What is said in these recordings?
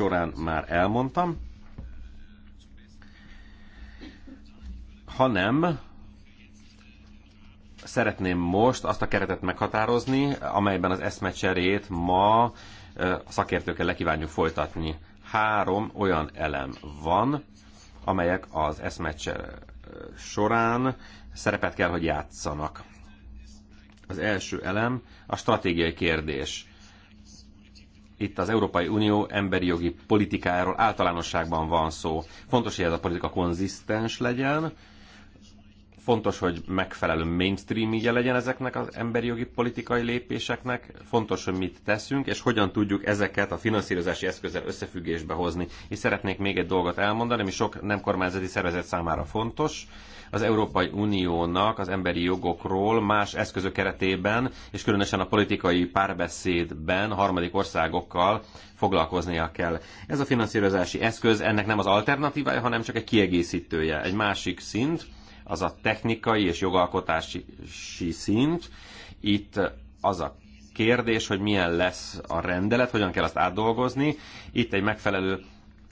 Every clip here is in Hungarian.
során már elmondtam, hanem szeretném most azt a keretet meghatározni, amelyben az eszmecserét ma a szakértőkkel lekívánjuk folytatni. Három olyan elem van, amelyek az eszmecser során szerepet kell, hogy játszanak. Az első elem a stratégiai kérdés itt az Európai Unió emberi jogi politikájáról általánosságban van szó. Fontos, hogy ez a politika konzisztens legyen, Fontos, hogy megfelelő mainstream -je legyen ezeknek az emberi jogi politikai lépéseknek. Fontos, hogy mit teszünk, és hogyan tudjuk ezeket a finanszírozási eszközzel összefüggésbe hozni. És szeretnék még egy dolgot elmondani, ami sok nem kormányzati szervezet számára fontos az Európai Uniónak az emberi jogokról más eszközök keretében, és különösen a politikai párbeszédben harmadik országokkal foglalkoznia kell. Ez a finanszírozási eszköz ennek nem az alternatívája, hanem csak egy kiegészítője, egy másik szint, az a technikai és jogalkotási szint. Itt az a kérdés, hogy milyen lesz a rendelet, hogyan kell azt átdolgozni. Itt egy megfelelő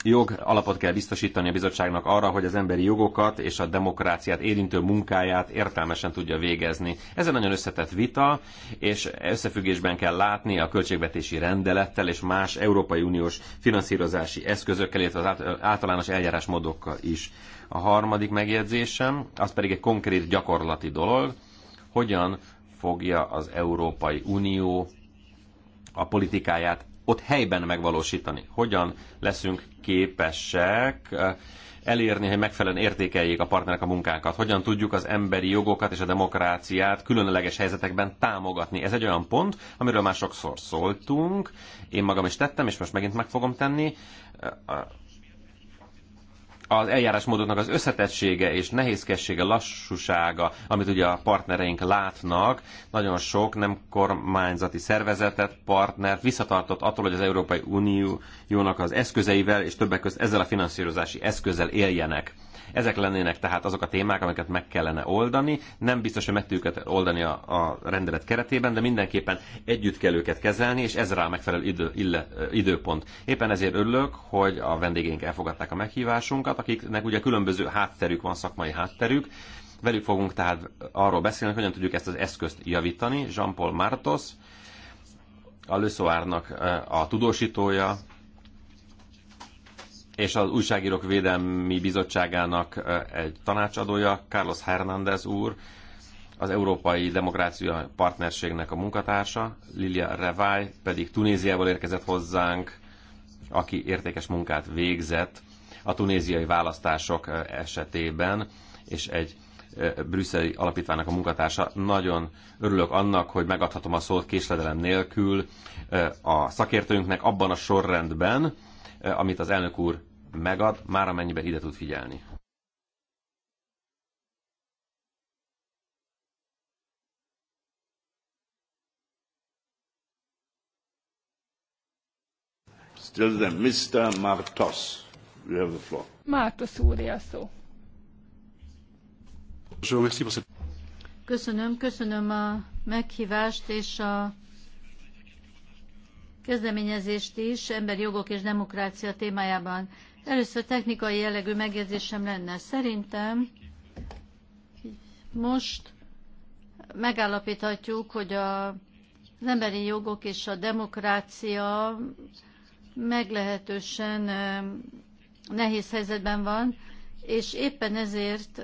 jog alapot kell biztosítani a bizottságnak arra, hogy az emberi jogokat és a demokráciát érintő munkáját értelmesen tudja végezni. Ez egy nagyon összetett vita, és összefüggésben kell látni a költségvetési rendelettel és más Európai Uniós finanszírozási eszközökkel, illetve az általános eljárásmódokkal is. A harmadik megjegyzésem, az pedig egy konkrét gyakorlati dolog, hogyan fogja az Európai Unió a politikáját ott helyben megvalósítani. Hogyan leszünk képesek eh, elérni, hogy megfelelően értékeljék a partnerek a munkánkat. Hogyan tudjuk az emberi jogokat és a demokráciát különleges helyzetekben támogatni. Ez egy olyan pont, amiről már sokszor szóltunk, én magam is tettem, és most megint meg fogom tenni eh, az eljárásmódoknak az összetettsége és nehézkessége, lassúsága, amit ugye a partnereink látnak, nagyon sok nem kormányzati szervezetet, partnert visszatartott attól, hogy az Európai Uniónak az eszközeivel és többek között ezzel a finanszírozási eszközzel éljenek. Ezek lennének tehát azok a témák, amiket meg kellene oldani. Nem biztos, hogy meg tudjuk oldani a, a rendelet keretében, de mindenképpen együtt kell őket kezelni, és ez rá megfelelő idő, ille, időpont. Éppen ezért örülök, hogy a vendégeink elfogadták a meghívásunkat, akiknek ugye különböző hátterük van, szakmai hátterük, Velük fogunk tehát arról beszélni, hogy hogyan tudjuk ezt az eszközt javítani. Jean-Paul Martos, a Lőszóárnak eh, a tudósítója, és az Újságírók Védelmi Bizottságának egy tanácsadója, Carlos Hernández úr, az Európai Demokrácia Partnerségnek a munkatársa, Lilia Revály pedig Tunéziából érkezett hozzánk, aki értékes munkát végzett a tunéziai választások esetében, és egy brüsszeli alapítványnak a munkatársa. Nagyon örülök annak, hogy megadhatom a szót késledelem nélkül a szakértőnknek abban a sorrendben, amit az elnök úr megad, már amennyiben ide tud figyelni. Still then, Mr. Martos, you have the floor. Martos úr, a szó. Köszönöm, köszönöm a meghívást és a kezdeményezést is emberi jogok és demokrácia témájában. Először technikai jellegű megjegyzésem lenne. Szerintem most megállapíthatjuk, hogy a, az emberi jogok és a demokrácia meglehetősen nehéz helyzetben van, és éppen ezért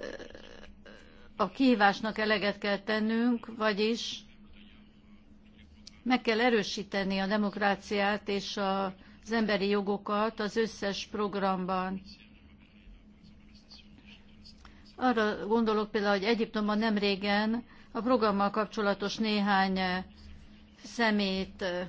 a kihívásnak eleget kell tennünk, vagyis meg kell erősíteni a demokráciát és az emberi jogokat az összes programban. Arra gondolok például, hogy Egyiptomban nem régen a programmal kapcsolatos néhány eh, szemét eh,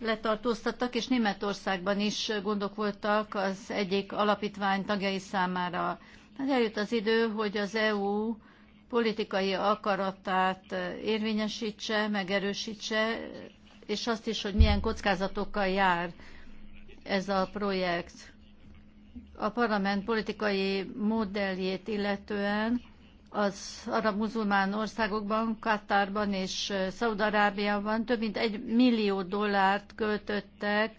letartóztattak, és Németországban is gondok voltak az egyik alapítvány tagjai számára. Hát eljött az idő, hogy az EU politikai akaratát érvényesítse, megerősítse, és azt is, hogy milyen kockázatokkal jár ez a projekt. A parlament politikai modelljét illetően az arab muzulmán országokban, Katárban és Szaudarábiában több mint egy millió dollárt költöttek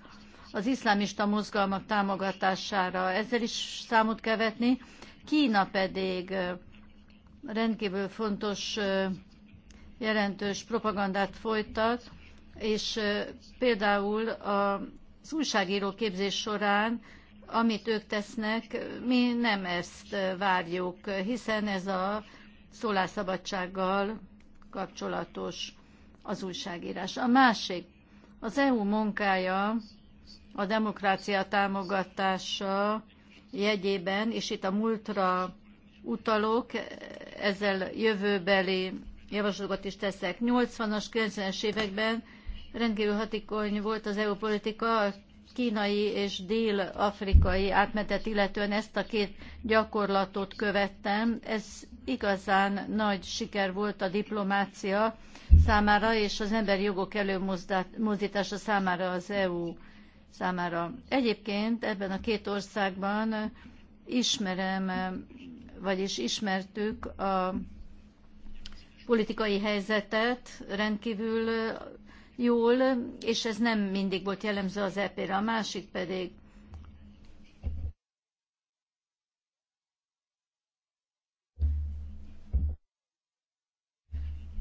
az iszlámista mozgalmak támogatására. Ezzel is számot kell vetni. Kína pedig rendkívül fontos, jelentős propagandát folytat, és például az újságíró képzés során, amit ők tesznek, mi nem ezt várjuk, hiszen ez a szólásszabadsággal kapcsolatos az újságírás. A másik, az EU munkája a demokrácia támogatása jegyében, és itt a múltra utalok, ezzel jövőbeli javaslatokat is teszek. 80-as, 90-es években rendkívül hatékony volt az EU politika a kínai és dél-afrikai átmetet, illetően ezt a két gyakorlatot követtem. Ez igazán nagy siker volt a diplomácia számára és az emberi jogok előmozdítása számára az EU számára. Egyébként ebben a két országban ismerem vagyis ismertük a politikai helyzetet rendkívül jól, és ez nem mindig volt jellemző az EP-re. A másik pedig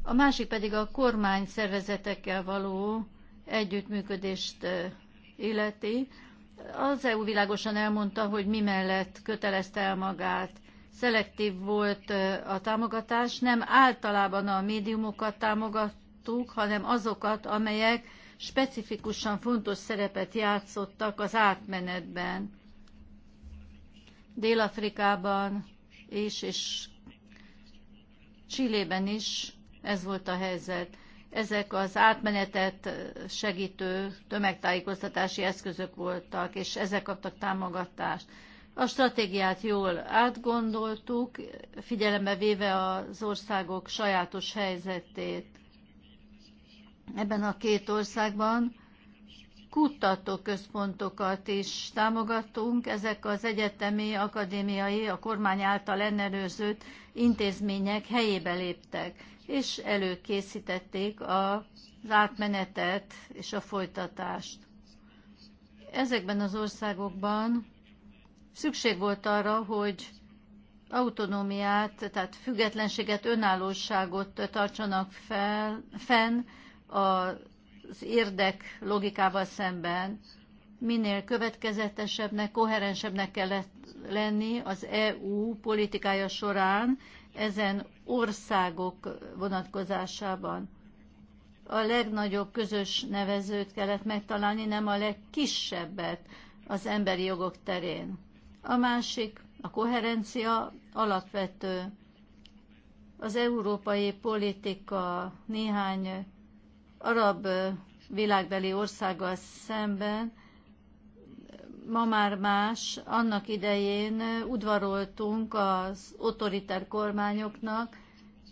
A másik pedig a kormány szervezetekkel való együttműködést illeti. Az EU világosan elmondta, hogy mi mellett kötelezte el magát szelektív volt a támogatás, nem általában a médiumokat támogattuk, hanem azokat, amelyek specifikusan fontos szerepet játszottak az átmenetben. Dél-Afrikában és, és Csillében is ez volt a helyzet. Ezek az átmenetet segítő tömegtájékoztatási eszközök voltak, és ezek kaptak támogatást. A stratégiát jól átgondoltuk, figyelembe véve az országok sajátos helyzetét. Ebben a két országban kutatóközpontokat is támogatunk. Ezek az egyetemi, akadémiai, a kormány által ellenőrzött intézmények helyébe léptek, és előkészítették az átmenetet és a folytatást. Ezekben az országokban szükség volt arra, hogy autonómiát, tehát függetlenséget, önállóságot tartsanak fel, fenn az érdek logikával szemben. Minél következetesebbnek, koherensebbnek kellett lenni az EU politikája során ezen országok vonatkozásában. A legnagyobb közös nevezőt kellett megtalálni, nem a legkisebbet az emberi jogok terén. A másik, a koherencia alapvető. Az európai politika néhány arab világbeli országgal szemben ma már más. Annak idején udvaroltunk az autoriter kormányoknak,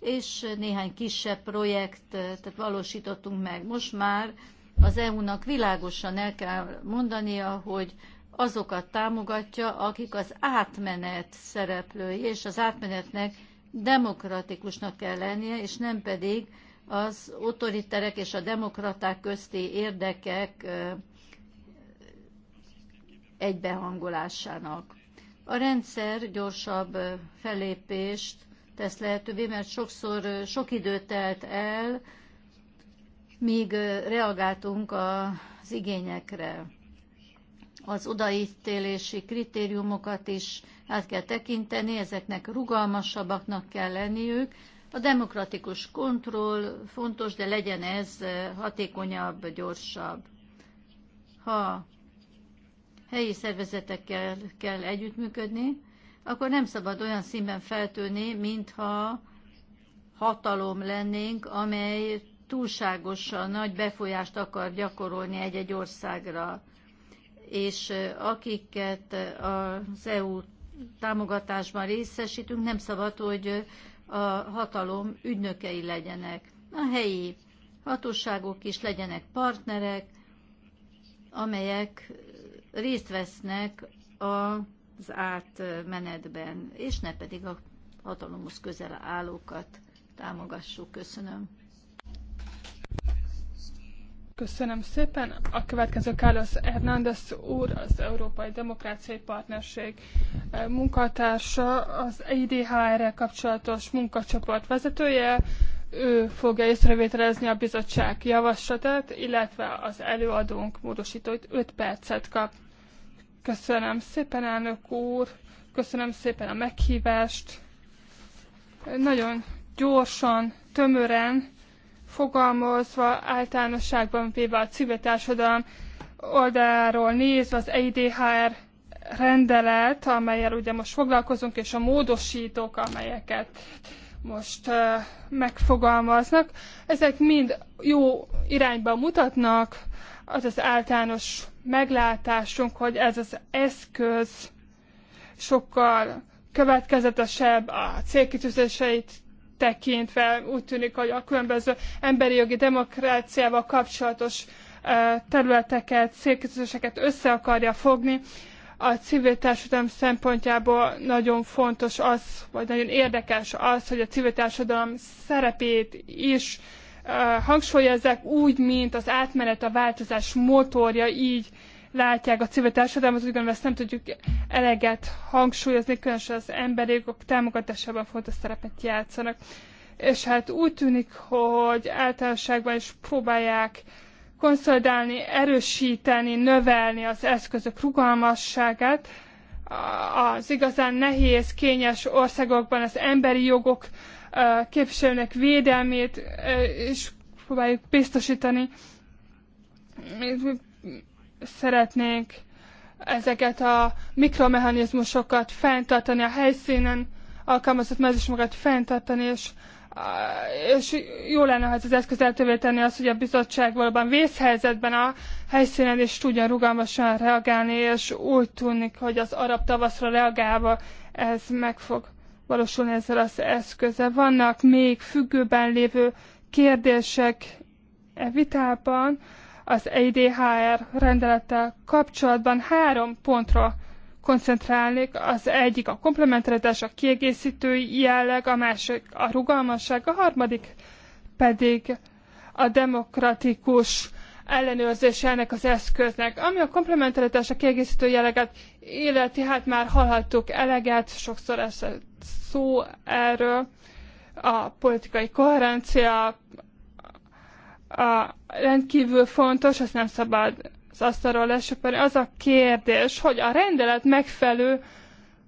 és néhány kisebb projektet valósítottunk meg. Most már az EU-nak világosan el kell mondania, hogy azokat támogatja, akik az átmenet szereplői, és az átmenetnek demokratikusnak kell lennie, és nem pedig az autoriterek és a demokraták közti érdekek egybehangolásának. A rendszer gyorsabb fellépést tesz lehetővé, mert sokszor sok idő telt el, míg reagáltunk az igényekre az odaítélési kritériumokat is át kell tekinteni, ezeknek rugalmasabbaknak kell lenniük. A demokratikus kontroll fontos, de legyen ez hatékonyabb, gyorsabb. Ha helyi szervezetekkel kell együttműködni, akkor nem szabad olyan színben feltűnni, mintha hatalom lennénk, amely túlságosan nagy befolyást akar gyakorolni egy-egy országra és akiket az EU támogatásban részesítünk, nem szabad, hogy a hatalom ügynökei legyenek. A helyi hatóságok is legyenek partnerek, amelyek részt vesznek az átmenetben, és ne pedig a hatalomhoz közel állókat támogassuk. Köszönöm. Köszönöm szépen. A következő Carlos Hernández úr, az Európai Demokráciai Partnerség munkatársa, az idhr re kapcsolatos munkacsoport vezetője. Ő fogja észrevételezni a bizottság javaslatát, illetve az előadónk módosítóit 5 percet kap. Köszönöm szépen, elnök úr, köszönöm szépen a meghívást. Nagyon gyorsan, tömören fogalmazva, általánosságban véve a civil társadalom oldaláról nézve az EIDHR rendelet, amelyel ugye most foglalkozunk, és a módosítók, amelyeket most uh, megfogalmaznak, ezek mind jó irányba mutatnak, az az általános meglátásunk, hogy ez az eszköz sokkal következetesebb, a célkitűzéseit tekintve úgy tűnik, hogy a különböző emberi jogi demokráciával kapcsolatos e, területeket, célkitűzéseket össze akarja fogni. A civil társadalom szempontjából nagyon fontos az, vagy nagyon érdekes az, hogy a civil társadalom szerepét is e, hangsúlyozzák úgy, mint az átmenet a változás motorja, így látják a civil társadalmat, úgy gondolom ezt nem tudjuk eleget hangsúlyozni, különösen az emberi jogok támogatásában fontos szerepet játszanak. És hát úgy tűnik, hogy általánosságban is próbálják konszolidálni, erősíteni, növelni az eszközök rugalmasságát, az igazán nehéz, kényes országokban az emberi jogok képviselőnek védelmét is próbáljuk biztosítani szeretnénk ezeket a mikromechanizmusokat fenntartani a helyszínen, alkalmazott mezősmogat fenntartani, és, eh, és jó lenne, ha ez az eszköz lehetővé tenni azt, hogy a bizottság valóban vészhelyzetben a helyszínen is tudjon rugalmasan reagálni, és úgy tűnik, hogy az arab tavaszra reagálva ez meg fog valósulni ezzel az eszköze. Vannak még függőben lévő kérdések e vitában, az EIDHR rendelettel kapcsolatban három pontra koncentrálnék. Az egyik a komplementaritás, a kiegészítő jelleg, a másik a rugalmasság, a harmadik pedig a demokratikus ellenőrzés ennek az eszköznek. Ami a komplementaritás, a kiegészítő jelleget illeti, hát már hallhattuk eleget, sokszor esett szó erről, a politikai koherencia, a rendkívül fontos, azt nem szabad az asztalról lesöpörni. Az a kérdés, hogy a rendelet megfelelő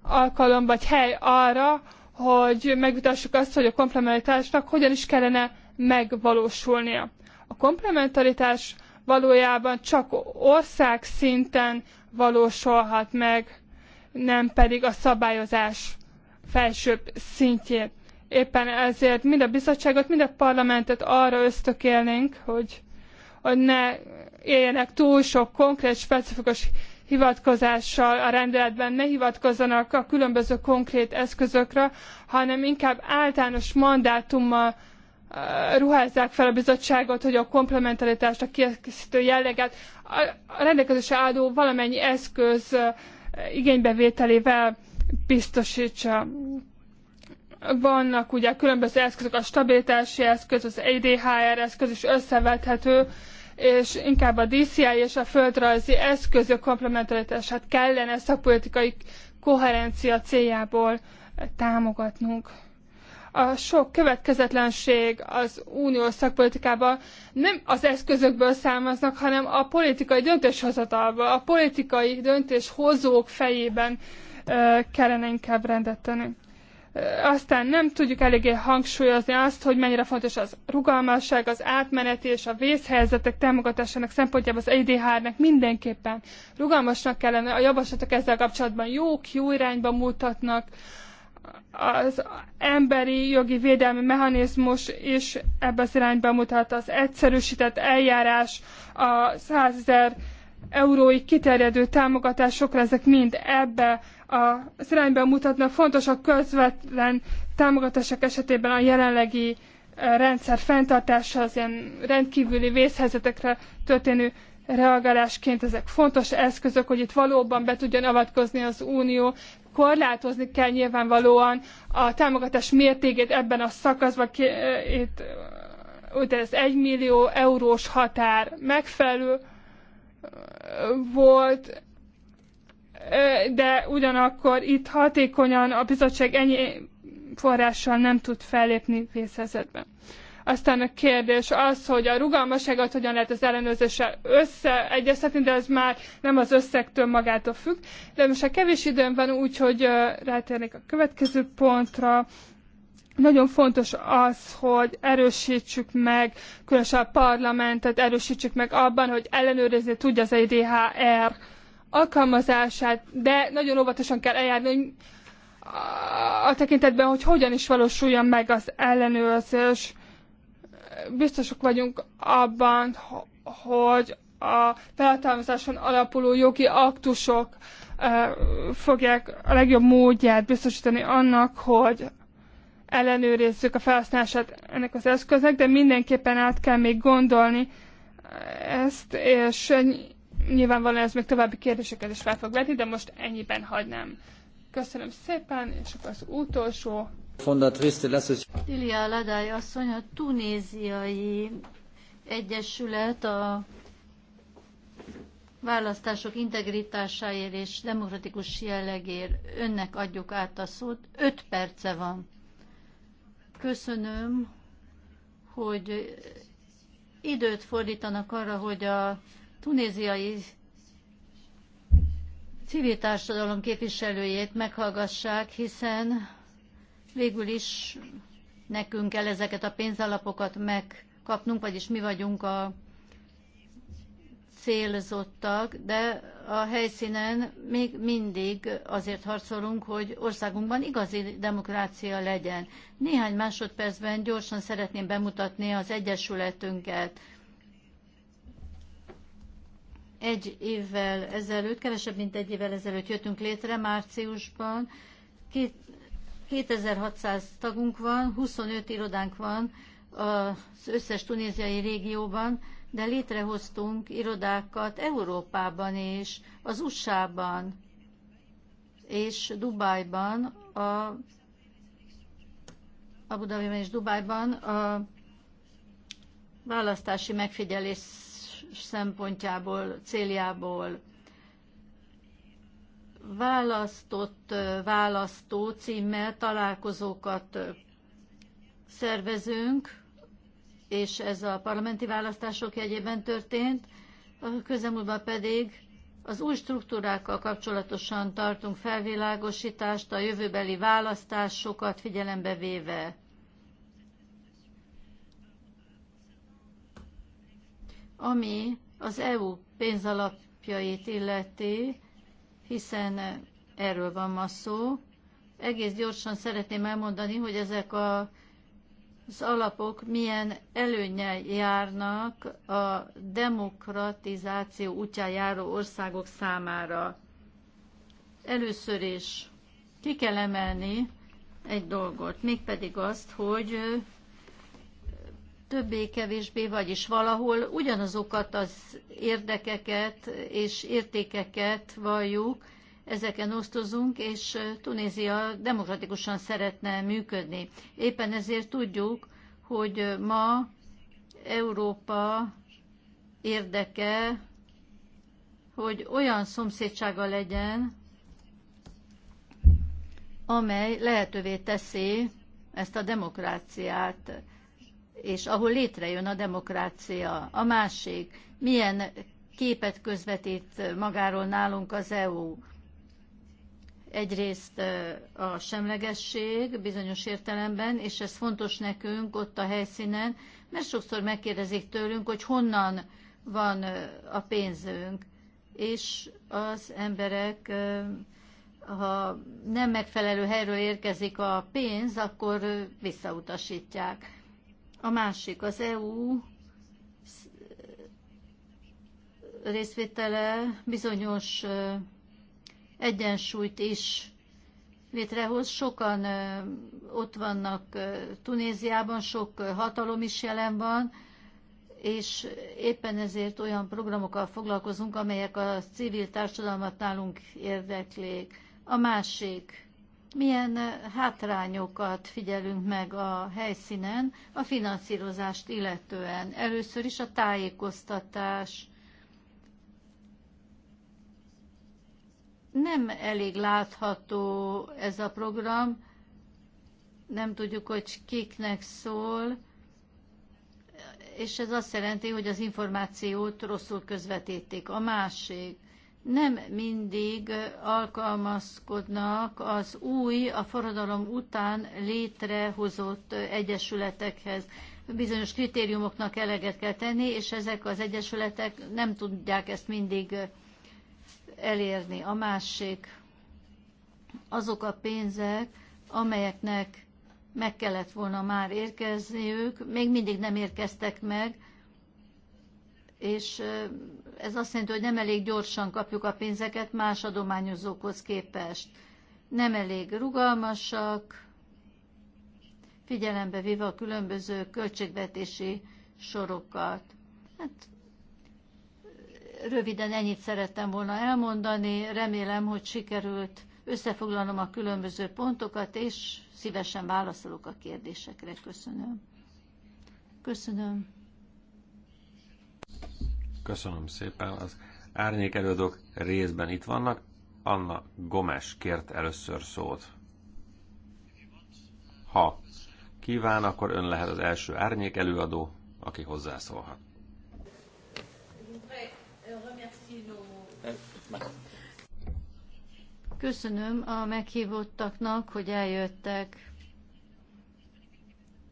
alkalom vagy hely arra, hogy megvitassuk azt, hogy a komplementaritásnak hogyan is kellene megvalósulnia. A komplementaritás valójában csak ország szinten valósulhat meg, nem pedig a szabályozás felsőbb szintjén. Éppen ezért mind a bizottságot, mind a parlamentet arra ösztökélnénk, hogy, hogy ne éljenek túl sok konkrét, specifikus hivatkozással a rendeletben, ne hivatkozzanak a különböző konkrét eszközökre, hanem inkább általános mandátummal ruházzák fel a bizottságot, hogy a komplementaritást, a kiegészítő jelleget a rendelkezésre álló valamennyi eszköz igénybevételével biztosítsa vannak ugye különböző eszközök, a stabilitási eszköz, az EDHR eszköz is összevethető, és inkább a DCI és a földrajzi eszközök komplementaritását kellene ezt a politikai koherencia céljából támogatnunk. A sok következetlenség az uniós szakpolitikában nem az eszközökből származnak, hanem a politikai döntéshozatalban, a politikai döntéshozók fejében kellene inkább rendet tenni. Aztán nem tudjuk eléggé hangsúlyozni azt, hogy mennyire fontos az rugalmasság, az átmeneti és a vészhelyzetek támogatásának szempontjából az edhr nek mindenképpen rugalmasnak kellene. A javaslatok ezzel kapcsolatban jók, jó irányba mutatnak, az emberi jogi védelmi mechanizmus is ebbe az irányba mutat, az egyszerűsített eljárás, a 100 ezer euróig kiterjedő támogatásokra, ezek mind ebbe az irányba mutatna, fontos a közvetlen támogatások esetében a jelenlegi e, rendszer fenntartása, az ilyen rendkívüli vészhelyzetekre történő reagálásként ezek fontos eszközök, hogy itt valóban be tudjon avatkozni az Unió, korlátozni kell nyilvánvalóan a támogatás mértékét ebben a szakaszban, e, itt, ugye e, ez 1 millió eurós határ megfelelő volt, de ugyanakkor itt hatékonyan a bizottság ennyi forrással nem tud fellépni vészhelyzetben. Aztán a kérdés az, hogy a rugalmasságot hogyan lehet az ellenőrzéssel összeegyeztetni, de ez már nem az összegtől magától függ. De most a kevés időm van, úgyhogy rátérnék a következő pontra. Nagyon fontos az, hogy erősítsük meg, különösen a parlamentet erősítsük meg abban, hogy ellenőrizni tudja az IDHR. E alkalmazását, de nagyon óvatosan kell eljárni, hogy a tekintetben, hogy hogyan is valósuljon meg az ellenőrzés. biztosok vagyunk abban, hogy a felhatalmazáson alapuló jogi aktusok fogják a legjobb módját biztosítani annak, hogy ellenőrizzük a felhasználását ennek az eszköznek, de mindenképpen át kell még gondolni ezt, és Nyilvánvalóan ez még további kérdéseket is fel fog vetni, de most ennyiben hagynám. Köszönöm szépen, és akkor az utolsó. Lilia Ladály asszony, a tunéziai egyesület a választások integritásáért és demokratikus jellegért önnek adjuk át a szót. Öt perce van. Köszönöm, hogy időt fordítanak arra, hogy a tunéziai civil társadalom képviselőjét meghallgassák, hiszen végül is nekünk kell ezeket a pénzalapokat megkapnunk, vagyis mi vagyunk a célzottak, de a helyszínen még mindig azért harcolunk, hogy országunkban igazi demokrácia legyen. Néhány másodpercben gyorsan szeretném bemutatni az Egyesületünket egy évvel ezelőtt, kevesebb mint egy évvel ezelőtt jöttünk létre, márciusban. Két, 2600 tagunk van, 25 irodánk van az összes tunéziai régióban, de létrehoztunk irodákat Európában és az USA-ban és Dubájban, a Abu Dhabiban és Dubájban a választási megfigyelés szempontjából, céljából választott választó címmel találkozókat szervezünk, és ez a parlamenti választások jegyében történt, a közelmúltban pedig az új struktúrákkal kapcsolatosan tartunk felvilágosítást a jövőbeli választásokat figyelembe véve. ami az EU pénzalapjait illeti, hiszen erről van ma szó. Egész gyorsan szeretném elmondani, hogy ezek a az alapok milyen előnyel járnak a demokratizáció útján járó országok számára. Először is ki kell emelni egy dolgot, mégpedig azt, hogy többé-kevésbé, vagyis valahol ugyanazokat az érdekeket és értékeket valljuk, ezeken osztozunk, és Tunézia demokratikusan szeretne működni. Éppen ezért tudjuk, hogy ma Európa érdeke, hogy olyan szomszédsága legyen, amely lehetővé teszi ezt a demokráciát és ahol létrejön a demokrácia. A másik, milyen képet közvetít magáról nálunk az EU. Egyrészt a semlegesség bizonyos értelemben, és ez fontos nekünk ott a helyszínen, mert sokszor megkérdezik tőlünk, hogy honnan van a pénzünk, és az emberek, ha nem megfelelő helyről érkezik a pénz, akkor visszautasítják. A másik az EU részvétele bizonyos egyensúlyt is létrehoz. Sokan ott vannak Tunéziában, sok hatalom is jelen van, és éppen ezért olyan programokkal foglalkozunk, amelyek a civil társadalmat nálunk érdeklik. A másik milyen hátrányokat figyelünk meg a helyszínen a finanszírozást illetően. Először is a tájékoztatás. Nem elég látható ez a program, nem tudjuk, hogy kiknek szól, és ez azt jelenti, hogy az információt rosszul közvetítik. A másik, nem mindig alkalmazkodnak az új, a forradalom után létrehozott egyesületekhez. Bizonyos kritériumoknak eleget kell tenni, és ezek az egyesületek nem tudják ezt mindig elérni. A másik azok a pénzek, amelyeknek meg kellett volna már érkezniük, még mindig nem érkeztek meg, és ez azt jelenti, hogy nem elég gyorsan kapjuk a pénzeket más adományozókhoz képest. Nem elég rugalmasak, figyelembe véve a különböző költségvetési sorokat. Hát, röviden ennyit szerettem volna elmondani, remélem, hogy sikerült összefoglalnom a különböző pontokat, és szívesen válaszolok a kérdésekre. Köszönöm. Köszönöm. Köszönöm szépen. Az árnyék előadók részben itt vannak. Anna Gomes kért először szót. Ha kíván, akkor ön lehet az első árnyék előadó, aki hozzászólhat. Köszönöm a meghívottaknak, hogy eljöttek.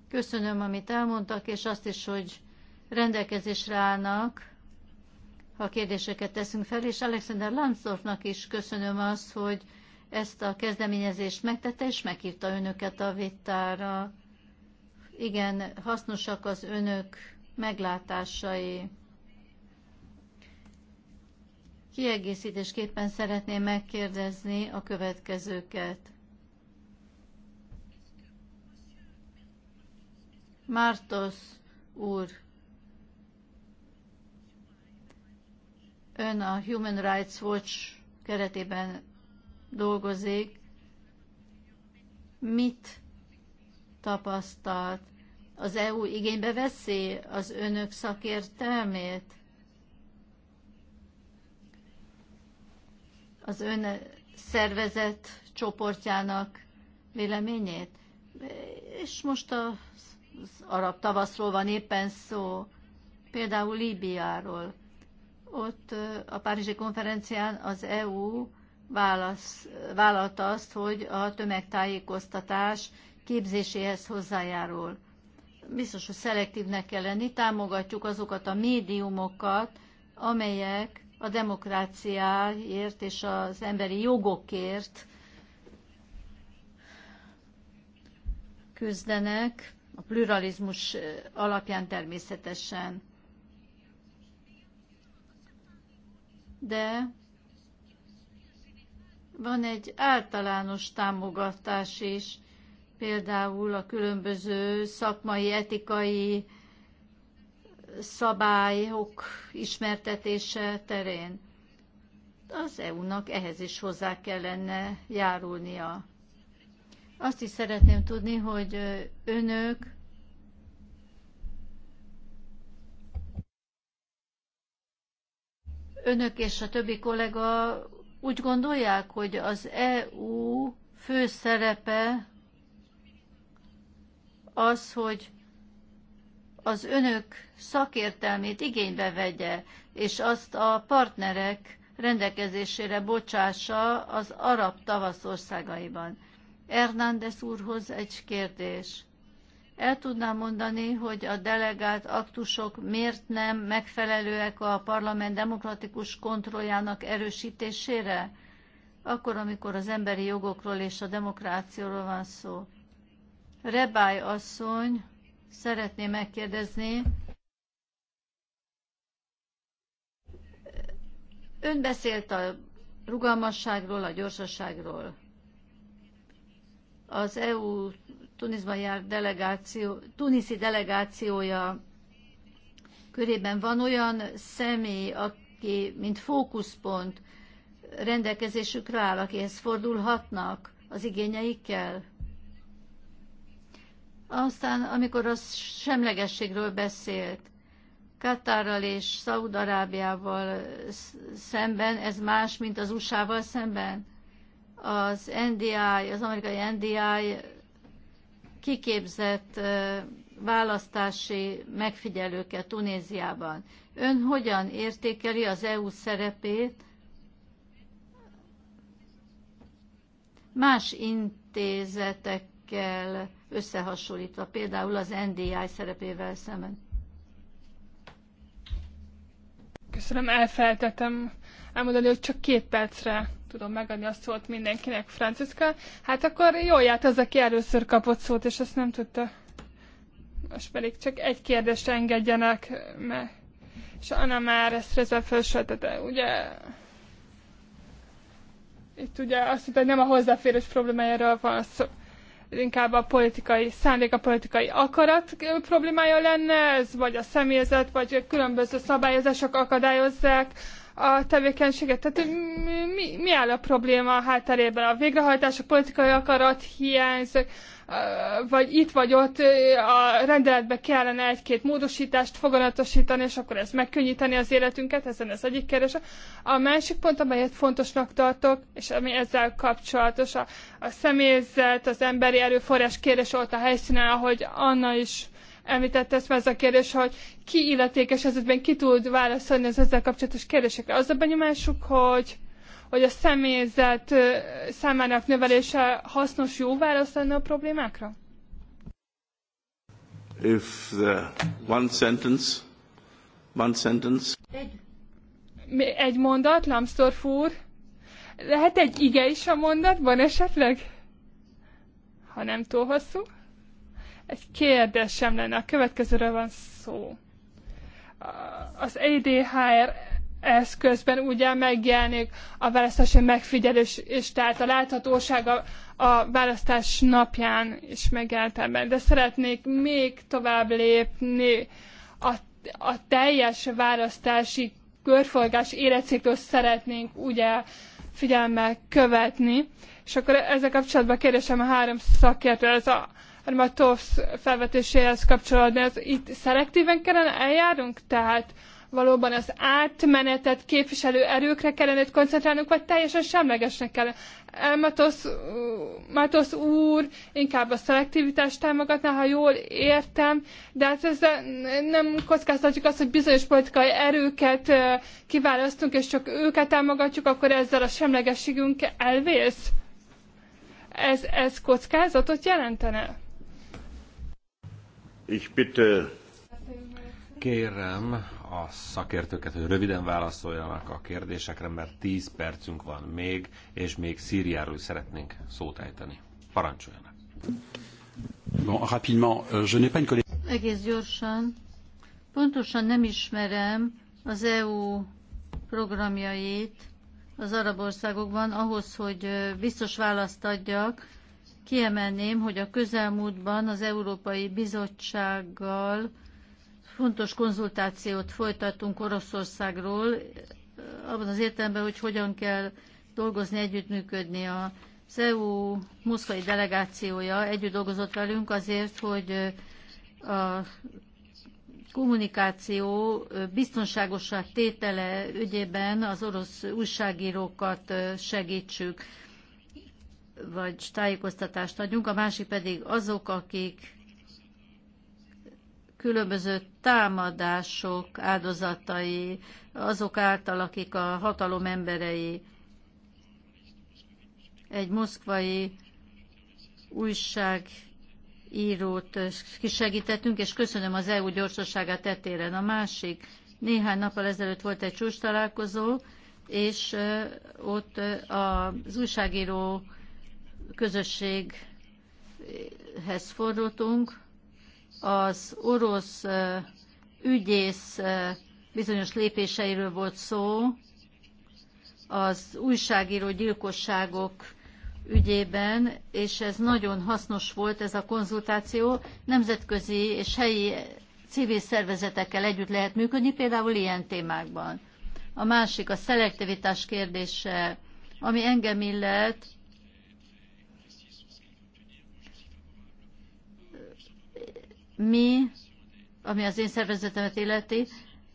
Köszönöm, amit elmondtak, és azt is, hogy rendelkezésre állnak ha kérdéseket teszünk fel, és Alexander Lanzorfnak is köszönöm azt, hogy ezt a kezdeményezést megtette, és meghívta önöket a vitára. Igen, hasznosak az önök meglátásai. Kiegészítésképpen szeretném megkérdezni a következőket. Mártos úr, Ön a Human Rights Watch keretében dolgozik. Mit tapasztalt? Az EU igénybe veszi az önök szakértelmét? Az ön szervezet csoportjának véleményét? És most az, az arab tavaszról van éppen szó, például Líbiáról. Ott a Párizsi konferencián az EU válasz, vállalta azt, hogy a tömegtájékoztatás képzéséhez hozzájárul. Biztos, hogy szelektívnek kell lenni, támogatjuk azokat a médiumokat, amelyek a demokráciáért és az emberi jogokért küzdenek, a pluralizmus alapján természetesen. de van egy általános támogatás is, például a különböző szakmai, etikai szabályok ismertetése terén. Az EU-nak ehhez is hozzá kellene járulnia. Azt is szeretném tudni, hogy önök önök és a többi kollega úgy gondolják, hogy az EU fő szerepe az, hogy az önök szakértelmét igénybe vegye, és azt a partnerek rendelkezésére bocsássa az arab tavasz országaiban. Hernández úrhoz egy kérdés. El tudnám mondani, hogy a delegált aktusok miért nem megfelelőek a parlament demokratikus kontrolljának erősítésére? Akkor, amikor az emberi jogokról és a demokrációról van szó. Rebály asszony szeretné megkérdezni, Ön beszélt a rugalmasságról, a gyorsaságról. Az EU Tuniszban járt delegáció, tuniszi delegációja körében van olyan személy, aki mint fókuszpont rendelkezésükre áll, akihez fordulhatnak az igényeikkel? Aztán, amikor a semlegességről beszélt, Katárral és szaúd szemben, ez más, mint az USA-val szemben? Az NDI, az amerikai NDI kiképzett választási megfigyelőket Tunéziában. Ön hogyan értékeli az EU szerepét más intézetekkel összehasonlítva, például az NDI szerepével szemben? Köszönöm, elfeltetem elmondani, hogy csak két percre tudom megadni a szót mindenkinek, Franciszka. Hát akkor jól járt az, aki először kapott szót, és ezt nem tudta. Most pedig csak egy kérdést engedjenek meg. És Anna már ezt ezzel felsőtete, ugye? Itt ugye azt mondta, hogy nem a hozzáférés problémájáról van szó inkább a politikai szándék, a politikai akarat problémája lenne ez, vagy a személyzet, vagy különböző szabályozások akadályozzák a tevékenységet. Tehát mi, mi áll a probléma a hátterében? A végrehajtás, a politikai akarat hiányzik, vagy itt vagy ott a rendeletbe kellene egy-két módosítást foganatosítani, és akkor ez megkönnyíteni az életünket, ezen az egyik kérdés. A másik pont, amelyet fontosnak tartok, és ami ezzel kapcsolatos, a, a személyzet, az emberi erőforrás kérdés volt a helyszínen, ahogy Anna is említette ezt, már ez a kérdés, hogy ki illetékes esetben ki tud válaszolni az ezzel kapcsolatos kérdésekre. Az a benyomásuk, hogy hogy a személyzet számának növelése hasznos, jó válasz lenne a problémákra? If the one sentence, one sentence. Egy, egy mondat, Lambsdorff úr. Lehet egy ige is a mondatban esetleg? Ha nem túl hosszú. Egy kérdésem lenne, a következőről van szó. Az ADHR eszközben ugye megjelenik a választási megfigyelés, és tehát a láthatóság a választás napján is megjelent ebben. De szeretnék még tovább lépni a, a teljes választási körforgás életciklus szeretnénk ugye figyelme követni. És akkor ezzel kapcsolatban kérdésem a három szakértő, ez a, hanem a TOSZ felvetéséhez kapcsolódni. ez itt szelektíven kellene eljárunk, tehát valóban az átmenetet képviselő erőkre kellene koncentrálnunk, vagy teljesen semlegesnek kellene. Matosz, Matosz úr inkább a szelektivitást támogatná, ha jól értem, de hát ezzel nem kockáztatjuk azt, hogy bizonyos politikai erőket kiválasztunk, és csak őket támogatjuk, akkor ezzel a semlegességünk elvész. Ez, ez kockázatot jelentene? Kérem a szakértőket, hogy röviden válaszoljanak a kérdésekre, mert 10 percünk van még, és még Szíriáról szeretnénk szót ejteni. Parancsoljanak. Bon, rapidement, euh, je n'ai pas une Egész gyorsan. Pontosan nem ismerem az EU programjait az arab országokban ahhoz, hogy biztos választ adjak kiemelném, hogy a közelmúltban az Európai Bizottsággal fontos konzultációt folytattunk Oroszországról, abban az értelemben, hogy hogyan kell dolgozni, együttműködni. Az EU moszkvai delegációja együtt dolgozott velünk azért, hogy a kommunikáció biztonságosság tétele ügyében az orosz újságírókat segítsük vagy tájékoztatást adjunk, a másik pedig azok, akik különböző támadások áldozatai, azok által, akik a hatalom emberei. Egy moszkvai újság írót kisegítettünk, és köszönöm az EU gyorsaságát tetéren. A másik, néhány nappal ezelőtt volt egy csúcs találkozó, és ott az újságíró közösséghez fordultunk. Az orosz ügyész bizonyos lépéseiről volt szó, az újságíró gyilkosságok ügyében, és ez nagyon hasznos volt ez a konzultáció. Nemzetközi és helyi civil szervezetekkel együtt lehet működni, például ilyen témákban. A másik a szelektivitás kérdése, ami engem illet, mi, ami az én szervezetemet illeti,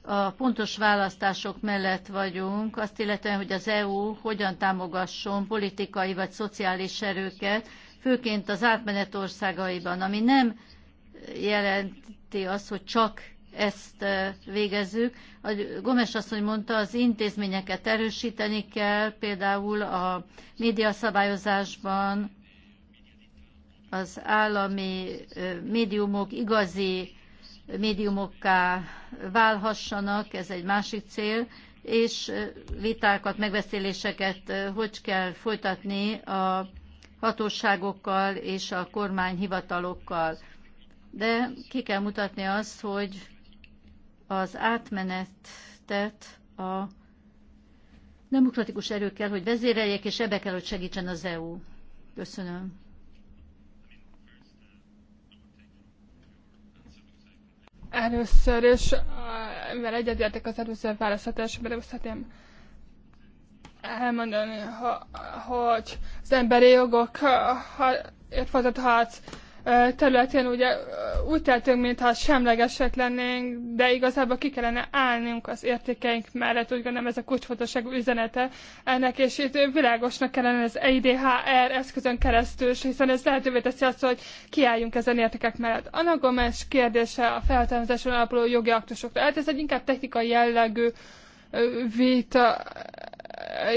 a pontos választások mellett vagyunk, azt illetően, hogy az EU hogyan támogasson politikai vagy szociális erőket, főként az átmenet országaiban, ami nem jelenti azt, hogy csak ezt eh, végezzük. A Gomes asszony mondta, az intézményeket erősíteni kell, például a médiaszabályozásban, az állami médiumok igazi médiumokká válhassanak, ez egy másik cél, és vitákat, megbeszéléseket hogy kell folytatni a hatóságokkal és a kormányhivatalokkal. De ki kell mutatni azt, hogy az átmenetet a demokratikus erőkkel hogy vezéreljék, és ebbe kell, hogy segítsen az EU. Köszönöm. Először is, mivel egyetértek az előző választatásban, szeretném elmondani, ha, hogy az emberi jogok ha, ha, ha területén ugye úgy teltünk, mintha semlegesek lennénk, de igazából ki kellene állnunk az értékeink mellett, úgy gondolom ez a kulcsfontosságú üzenete ennek, és itt világosnak kellene az EIDHR eszközön keresztül, hiszen ez lehetővé teszi azt, hogy kiálljunk ezen értékek mellett. Anna Gomes kérdése a felhatalmazáson alapuló jogi aktusokra. Hát ez egy inkább technikai jellegű vita,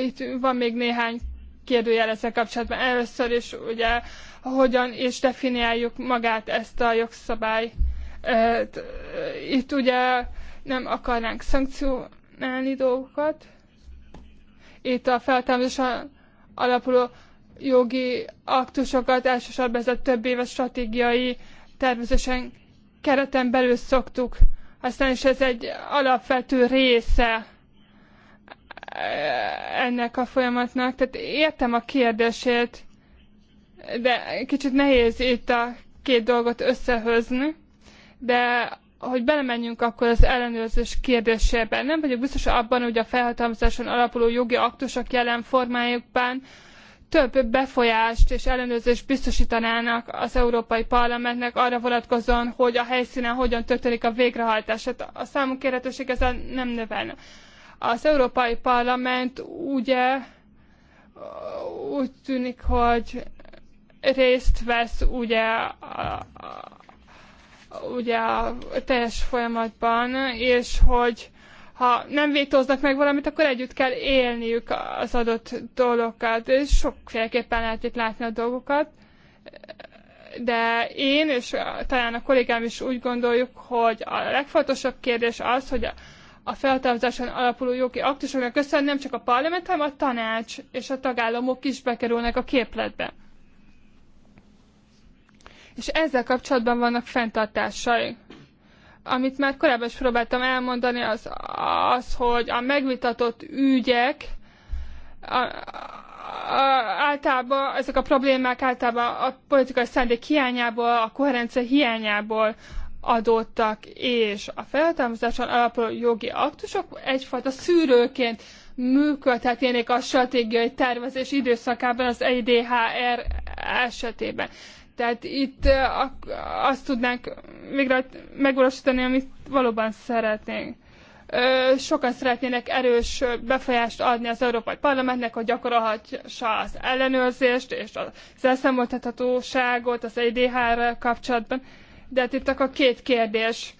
itt van még néhány kérdőjel ezzel kapcsolatban. Először is ugye hogyan is definiáljuk magát ezt a jogszabály. Itt ugye nem akarnánk szankcionálni dolgokat. Itt a feltámadáson alapuló jogi aktusokat elsősorban ez a több éves stratégiai tervezésen kereten belül szoktuk aztán is ez egy alapvető része ennek a folyamatnak. Tehát értem a kérdését, de kicsit nehéz itt a két dolgot összehozni, de hogy belemenjünk akkor az ellenőrzés kérdésébe. Nem vagyok biztos abban, hogy a felhatalmazáson alapuló jogi aktusok jelen formájukban több befolyást és ellenőrzést biztosítanának az Európai Parlamentnek arra vonatkozóan, hogy a helyszínen hogyan történik a végrehajtás. Hát a számunk érhetőség ezzel nem növelne. Az Európai Parlament ugye úgy tűnik, hogy részt vesz ugye a, a, ugye a teljes folyamatban, és hogy ha nem vétóznak meg valamit, akkor együtt kell élniük az adott dolgokat, és sokféleképpen lehet itt látni a dolgokat. De én és talán a kollégám is úgy gondoljuk, hogy a legfontosabb kérdés az, hogy a, a alapuló jogi aktusoknak köszönhetően nem csak a parlament, hanem a tanács és a tagállamok is bekerülnek a képletbe és ezzel kapcsolatban vannak fenntartásai. Amit már korábban is próbáltam elmondani, az, az hogy a megvitatott ügyek a, a, általában ezek a problémák általában a politikai szándék hiányából, a koherencia hiányából adottak, és a felhatalmazáson alapuló jogi aktusok egyfajta szűrőként működhetnének a stratégiai tervezés időszakában az EIDHR esetében. Tehát itt azt tudnánk még megvalósítani, amit valóban szeretnénk. Sokan szeretnének erős befolyást adni az Európai Parlamentnek, hogy gyakorolhatja az ellenőrzést és az elszámoltathatóságot az edh kapcsolatban. De hát itt akkor két kérdés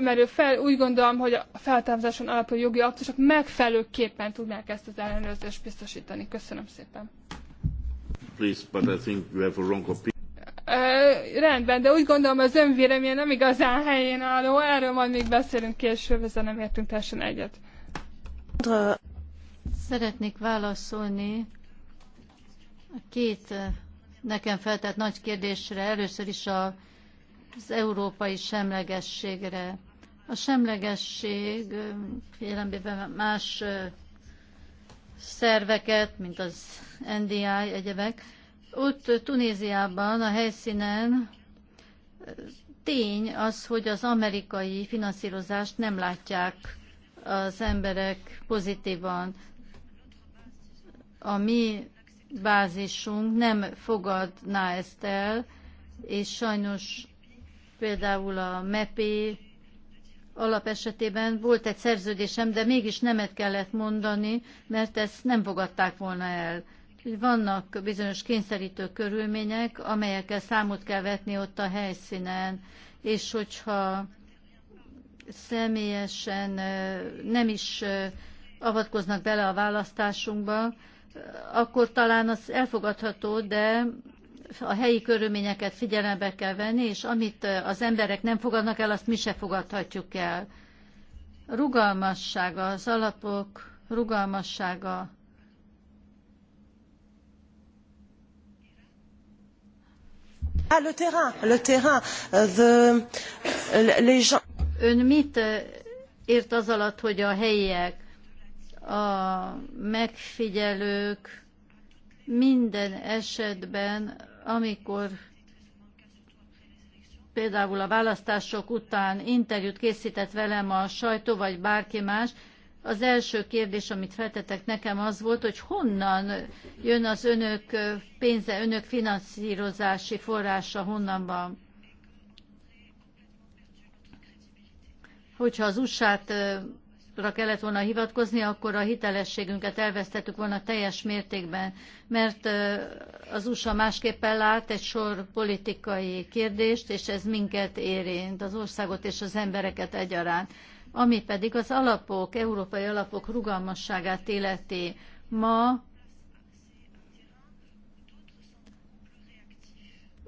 merül fel. Úgy gondolom, hogy a feltámzáson alapuló jogi aktusok megfelelőképpen tudnák ezt az ellenőrzést biztosítani. Köszönöm szépen please, but I think you have a wrong opinion. rendben, de úgy gondolom az ön véleménye, nem igazán helyén álló, erről majd még beszélünk később, ezzel nem értünk teljesen egyet. Szeretnék válaszolni a két nekem feltett nagy kérdésre, először is a, az európai semlegességre. A semlegesség jelenben más szerveket, mint az NDI, egyebek. Ott Tunéziában, a helyszínen tény az, hogy az amerikai finanszírozást nem látják az emberek pozitívan. A mi bázisunk nem fogadná ezt el, és sajnos például a MEPI alap esetében volt egy szerződésem, de mégis nemet kellett mondani, mert ezt nem fogadták volna el. Vannak bizonyos kényszerítő körülmények, amelyekkel számot kell vetni ott a helyszínen, és hogyha személyesen nem is avatkoznak bele a választásunkba, akkor talán az elfogadható, de a helyi körülményeket figyelembe kell venni, és amit az emberek nem fogadnak el, azt mi se fogadhatjuk el. rugalmassága, az alapok rugalmassága. Ah, le terrain, le terrain, euh, the, euh, les gens... Ön mit ért az alatt, hogy a helyiek, a megfigyelők minden esetben amikor például a választások után interjút készített velem a sajtó, vagy bárki más, az első kérdés, amit feltettek nekem, az volt, hogy honnan jön az önök pénze, önök finanszírozási forrása, honnan van. Hogyha az USA-t kellett volna hivatkozni, akkor a hitelességünket elvesztettük volna teljes mértékben, mert az USA másképpen lát egy sor politikai kérdést, és ez minket érint, az országot és az embereket egyaránt. Ami pedig az alapok, európai alapok rugalmasságát illeti. Ma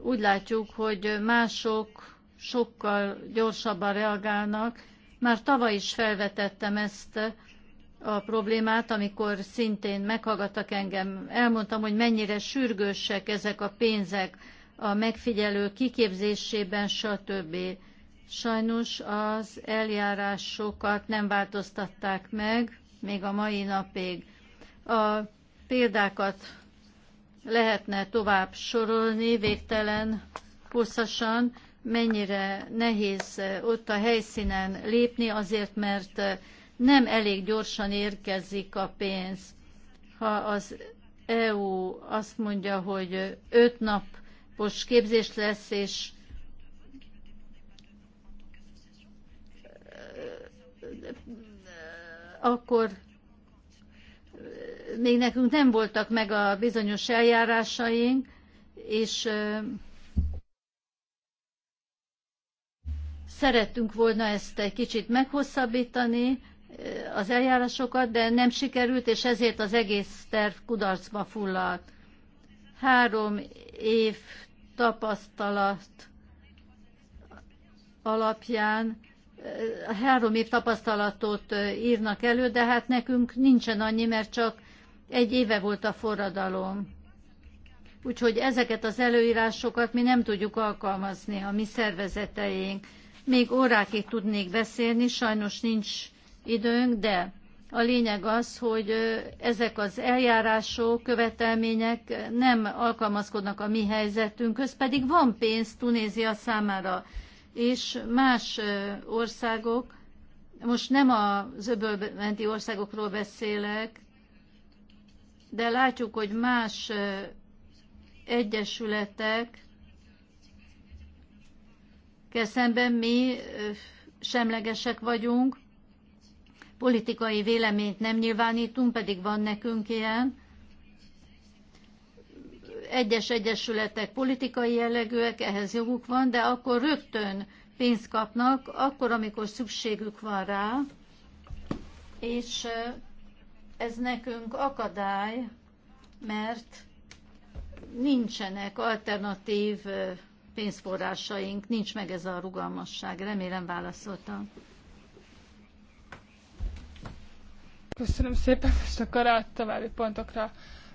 úgy látjuk, hogy mások sokkal gyorsabban reagálnak, már tavaly is felvetettem ezt a problémát, amikor szintén meghallgattak engem. Elmondtam, hogy mennyire sürgősek ezek a pénzek a megfigyelő kiképzésében, stb. Sajnos az eljárásokat nem változtatták meg, még a mai napig. A példákat lehetne tovább sorolni végtelen hosszasan, mennyire nehéz ott a helyszínen lépni, azért mert nem elég gyorsan érkezik a pénz. Ha az EU azt mondja, hogy öt napos képzés lesz, és akkor még nekünk nem voltak meg a bizonyos eljárásaink, és Szerettünk volna ezt egy kicsit meghosszabbítani, eh, az eljárásokat, de nem sikerült, és ezért az egész terv kudarcba fulladt. Három év tapasztalat alapján eh, három év tapasztalatot eh, írnak elő, de hát nekünk nincsen annyi, mert csak egy éve volt a forradalom. Úgyhogy ezeket az előírásokat mi nem tudjuk alkalmazni a mi szervezeteink. Még órákig tudnék beszélni, sajnos nincs időnk, de a lényeg az, hogy ezek az eljárások, követelmények nem alkalmazkodnak a mi helyzetünkhöz, pedig van pénz Tunézia számára, és más országok, most nem az öbölmenti országokról beszélek, de látjuk, hogy más egyesületek szemben mi semlegesek vagyunk, politikai véleményt nem nyilvánítunk, pedig van nekünk ilyen. Egyes egyesületek politikai jellegűek, ehhez joguk van, de akkor rögtön pénzt kapnak, akkor, amikor szükségük van rá, és ez nekünk akadály, mert nincsenek alternatív pénzforrásaink, nincs meg ez a rugalmasság. Remélem válaszoltam. Köszönöm szépen, most akkor a további pontokra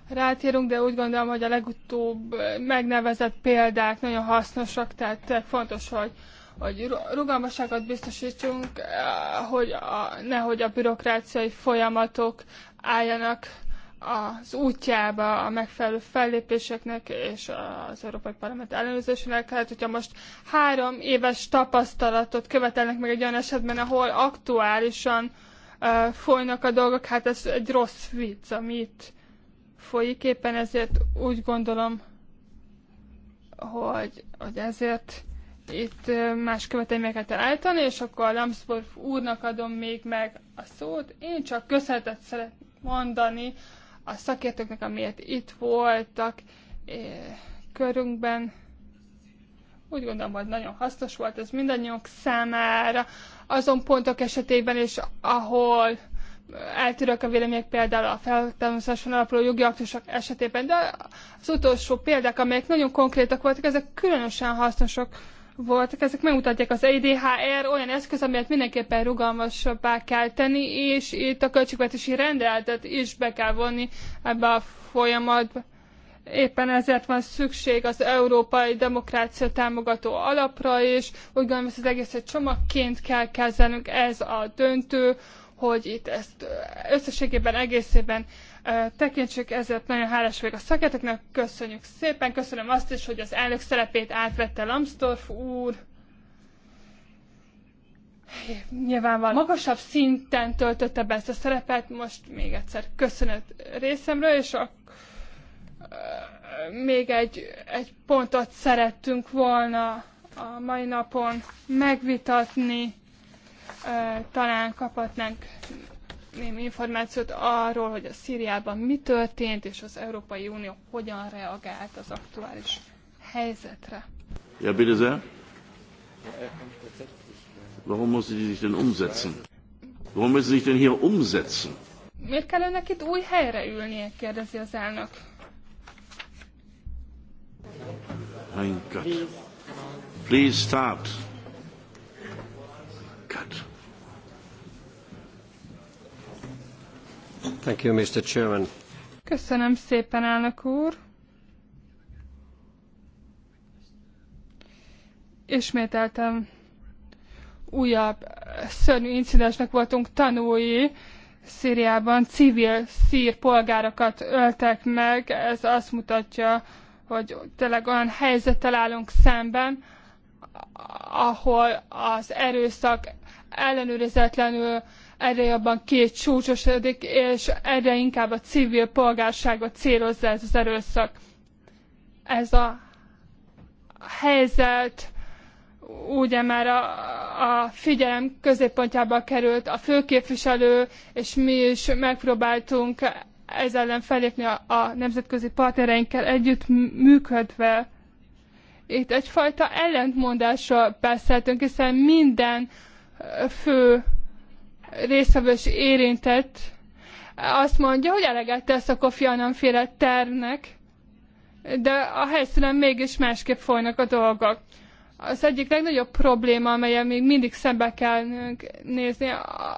rátérünk, de úgy gondolom, hogy a legutóbb megnevezett példák nagyon hasznosak, tehát fontos, hogy, hogy rugalmasságot biztosítsunk, eh, hogy a, nehogy a bürokráciai folyamatok álljanak az útjába a megfelelő fellépéseknek és az Európai Parlament ellenőrzésének. Hát, hogyha most három éves tapasztalatot követelnek meg egy olyan esetben, ahol aktuálisan uh, folynak a dolgok, hát ez egy rossz vicc, amit folyik. Éppen ezért úgy gondolom, hogy, hogy ezért itt más követelményeket állítani, és akkor a Lambsdorff úrnak adom még meg a szót. Én csak köszönetet szeretném mondani a szakértőknek, amiért itt voltak eh, körünkben. Úgy gondolom, hogy nagyon hasznos volt ez mindannyiunk számára. Azon pontok esetében is, ahol eltérők a vélemények például a feltámasztáson alapuló jogi aktusok esetében, de az utolsó példák, amelyek nagyon konkrétak voltak, ezek különösen hasznosak voltak, ezek megmutatják az EIDHR olyan eszköz, amelyet mindenképpen rugalmasabbá kell tenni, és itt a költségvetési rendeletet is be kell vonni ebbe a folyamatba. Éppen ezért van szükség az európai demokrácia támogató alapra és úgy gondolom, ezt az egészet csomagként kell kezelnünk, ez a döntő, hogy itt ezt összességében egészében tekintsük, ezért nagyon hálás vagyok a szakértőknek, köszönjük szépen, köszönöm azt is, hogy az elnök szerepét átvette Lambsdorff úr. Nyilvánvalóan magasabb szinten töltötte be ezt a szerepet, most még egyszer köszönet részemről, és a, még egy, egy pontot szerettünk volna a mai napon megvitatni, talán kaphatnánk némi információt arról, hogy a Szíriában mi történt, és az Európai Unió hogyan reagált az aktuális helyzetre. Ja, bitte sehr. Warum muss sie sich denn umsetzen? Warum müssen sie sich denn hier umsetzen? Miért kell önnek itt új helyre ülnie, kérdezi az elnök. Mein Gott. Please start. Gott. Thank you, Mr. Chairman. Köszönöm szépen, elnök úr. Ismételtem újabb szörnyű incidensnek voltunk tanúi. Szíriában civil szír polgárokat öltek meg. Ez azt mutatja, hogy tényleg olyan helyzettel állunk szemben, ahol az erőszak ellenőrizetlenül egyre jobban kétsúcsosodik, és egyre inkább a civil polgárságot célozza ez az erőszak. Ez a helyzet ugye már a, a figyelem középpontjába került a főképviselő, és mi is megpróbáltunk ez ellen felépni a, a nemzetközi partnereinkkel együtt működve. Itt egyfajta ellentmondásról beszéltünk, hiszen minden fő résztvevő érintett azt mondja, hogy eleget tesz a Kofi Annan féle tervnek, de a helyszínen mégis másképp folynak a dolgok. Az egyik legnagyobb probléma, amelyen még mindig szembe kell nézni,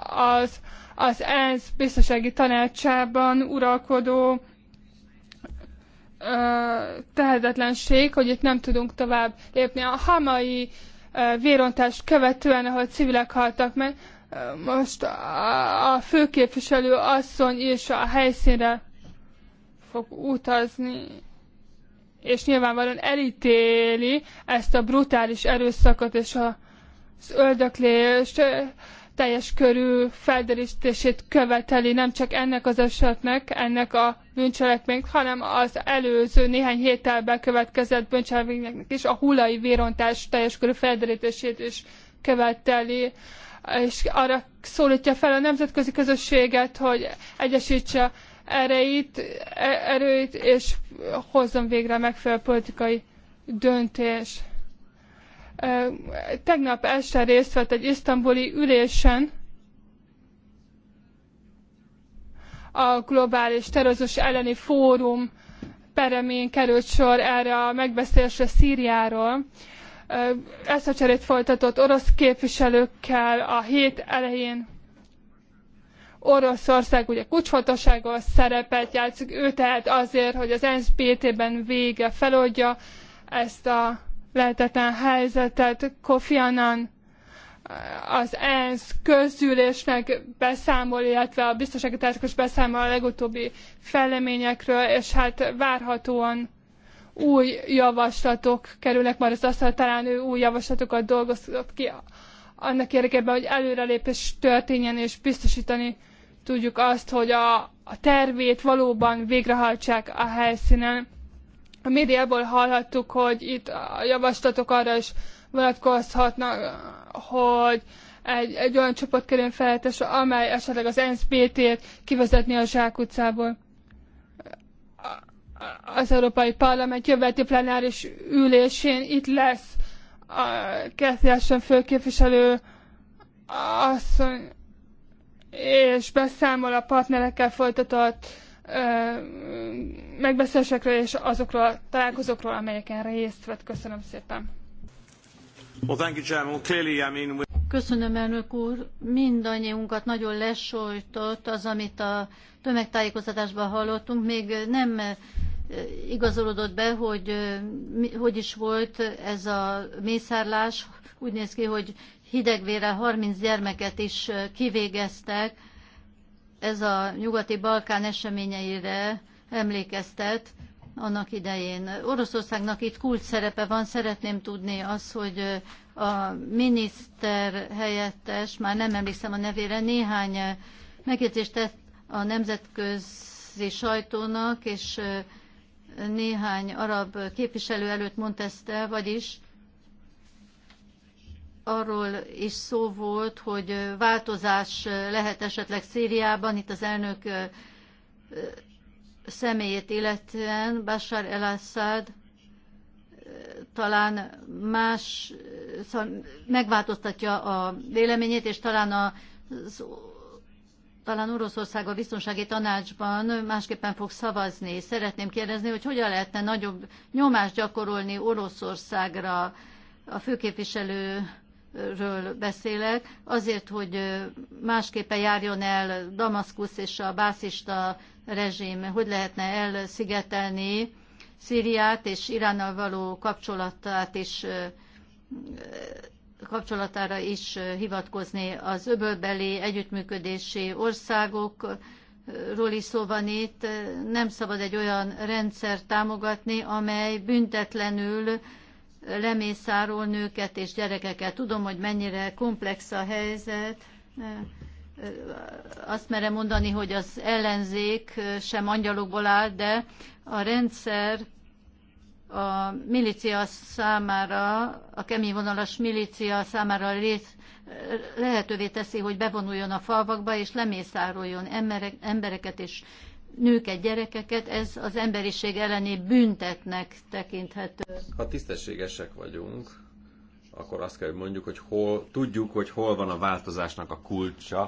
az az ENSZ biztonsági tanácsában uralkodó tehetetlenség, hogy itt nem tudunk tovább lépni. A hamai vérontást követően, ahol civilek haltak meg, most a, a főképviselő asszony is a helyszínre fog utazni, és nyilvánvalóan elítéli ezt a brutális erőszakot és a, az öldöklést teljes körű felderítését követeli nem csak ennek az esetnek, ennek a bűncselekménynek, hanem az előző néhány héttel bekövetkezett bűncselekménynek is a hulai vérontás teljes körű felderítését is követeli és arra szólítja fel a nemzetközi közösséget, hogy egyesítse erejét, e- erőit, és hozzon végre megfelelő politikai döntés. Tegnap este részt vett egy isztambuli ülésen a globális terrorizmus elleni fórum peremén került sor erre a megbeszélésre Szíriáról, eszmecserét folytatott orosz képviselőkkel a hét elején. Oroszország ugye kulcsfontosságos szerepet játszik, ő tehet azért, hogy az ENSZ BT-ben vége feloldja ezt a lehetetlen helyzetet. Kofi Annan az ENSZ közgyűlésnek beszámol, illetve a biztonsági társaságos beszámol a legutóbbi fejleményekről, és hát várhatóan új javaslatok kerülnek majd az asztalra, talán ő új javaslatokat dolgozott ki annak érdekében, hogy előrelépés történjen, és biztosítani tudjuk azt, hogy a, a tervét valóban végrehajtsák a helyszínen. A médiából hallhattuk, hogy itt a javaslatok arra is vonatkozhatnak, hogy egy, egy olyan csoport kerül felhetes, amely esetleg az bt t kivezetni a zsákutcából az Európai Parlament jövőti plenáris ülésén itt lesz a Kertiáson főképviselő asszony, és beszámol a partnerekkel folytatott megbeszélésekről és azokról a találkozókról, amelyeken részt vett. Köszönöm szépen. Köszönöm, elnök úr. Mindannyiunkat nagyon lesojtott az, amit a tömegtájékoztatásban hallottunk. Még nem igazolódott be, hogy hogy is volt ez a mészárlás. Úgy néz ki, hogy hidegvére 30 gyermeket is kivégeztek. Ez a nyugati Balkán eseményeire emlékeztet annak idején. Oroszországnak itt kult szerepe van, szeretném tudni az, hogy a miniszter helyettes, már nem emlékszem a nevére, néhány megjegyzést tett a nemzetközi sajtónak, és néhány arab képviselő előtt mondta ezt el, vagyis arról is szó volt, hogy változás lehet esetleg Szíriában, itt az elnök személyét illetően Bashar el-Assad talán más, szóval megváltoztatja a véleményét, és talán az talán Oroszország a biztonsági tanácsban másképpen fog szavazni. Szeretném kérdezni, hogy hogyan lehetne nagyobb nyomást gyakorolni Oroszországra, a főképviselő ről beszélek, azért, hogy másképpen járjon el Damaszkusz és a bászista rezsim, hogy lehetne elszigetelni Szíriát és Iránnal való kapcsolatát is kapcsolatára is hivatkozni. Az öbölbeli együttműködési országokról is szó van itt. Nem szabad egy olyan rendszer támogatni, amely büntetlenül lemészárol nőket és gyerekeket. Tudom, hogy mennyire komplex a helyzet. Azt merem mondani, hogy az ellenzék sem angyalokból áll, de a rendszer a milícia számára, a kemény vonalas milícia számára lehetővé teszi, hogy bevonuljon a falvakba és lemészároljon embereket és nőket, gyerekeket, ez az emberiség elleni büntetnek tekinthető. Ha tisztességesek vagyunk, akkor azt kell, hogy mondjuk, hogy hol, tudjuk, hogy hol van a változásnak a kulcsa